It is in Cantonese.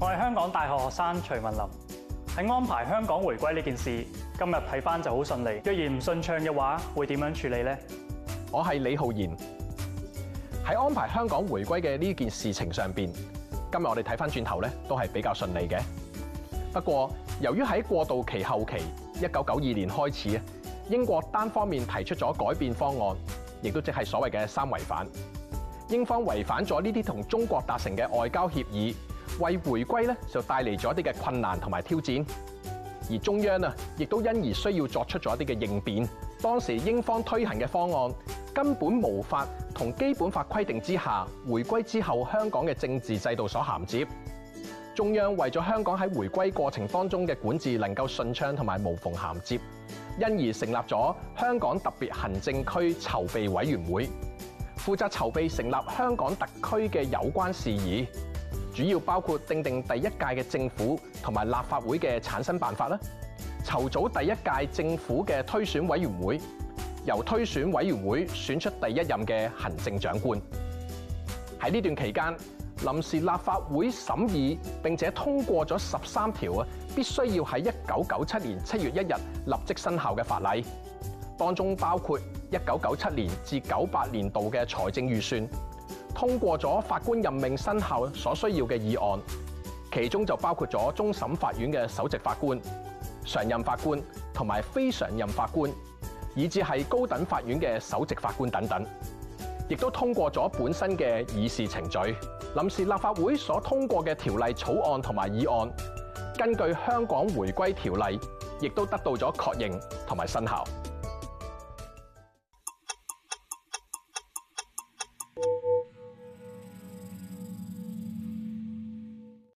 我係香港大學學生徐文琳，喺安排香港回歸呢件事，今日睇翻就好順利。若然唔順暢嘅話，會點樣處理呢？我係李浩然，喺安排香港回歸嘅呢件事情上邊，今日我哋睇翻轉頭咧，都係比較順利嘅。不過，由於喺過渡期後期，一九九二年開始啊，英國單方面提出咗改變方案，亦都即係所謂嘅三違反，英方違反咗呢啲同中國達成嘅外交協議。為回歸咧，就帶嚟咗一啲嘅困難同埋挑戰，而中央啊，亦都因而需要作出咗一啲嘅應變。當時英方推行嘅方案根本無法同基本法規定之下回歸之後香港嘅政治制度所銜接。中央為咗香港喺回歸過程當中嘅管治能夠順暢同埋無縫銜接，因而成立咗香港特別行政區籌備委員會，負責籌備成立香港特區嘅有關事宜。主要包括定定第一屆嘅政府同埋立法會嘅產生辦法啦，籌組第一屆政府嘅推選委員會，由推選委員會選出第一任嘅行政長官。喺呢段期間臨時立法會審議，並且通過咗十三條啊，必須要喺一九九七年七月一日立即生效嘅法例，當中包括一九九七年至九八年度嘅財政預算。通過咗法官任命生效所需要嘅議案，其中就包括咗終審法院嘅首席法官、常任法官同埋非常任法官，以至係高等法院嘅首席法官等等，亦都通過咗本身嘅議事程序。臨時立法會所通過嘅條例草案同埋議案，根據香港回歸條例，亦都得到咗確認同埋生效。